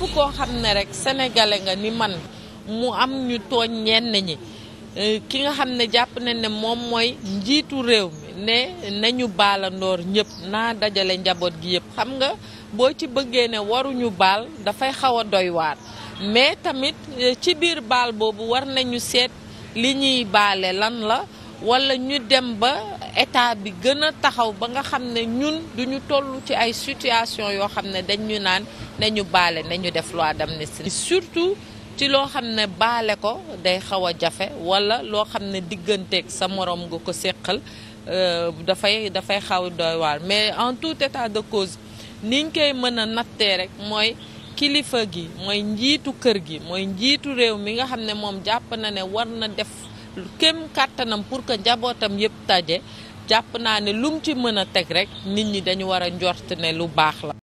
képp koo xam ne rekk senegale nga ni man mu am ñu tooñ ñenn ñi euh, ki nga xam ne jàpp nañ ne moom mooy njiitu réew mi ne nañu baalandoor ñëpp naa dajale njaboot gi yëpp xam nga boo ci bëggee ne waruñu baal dafay xaw a doy waar mais tamit euh, ci biir baal boobu war nañu seet li ñuy baale lan la wala ñu dem ba état bi gën a taxaw ba nga xam ne ñun duñu toll ci ay situation yoo xam ne dañ ñu naan nañu baale nañu def loi d'amnistie surtout ci loo xam ne baale ko day xaw a jafe wala loo xam ne digganteeg sa moroom nga ko séqal euh, dafay dafay xaw doy waar mais en tout état de cause niñ koy mën a nattee rek mooy kilifa gi mooy njiitu kër gi mooy njiitu réew mi nga xam ne moom jàpp na ne war na def kem kàttanam pour que njabootam yëpp taje jàpp naa ne lum ci mën a teg rek nit ñi dañu war a njort ne lu baax la.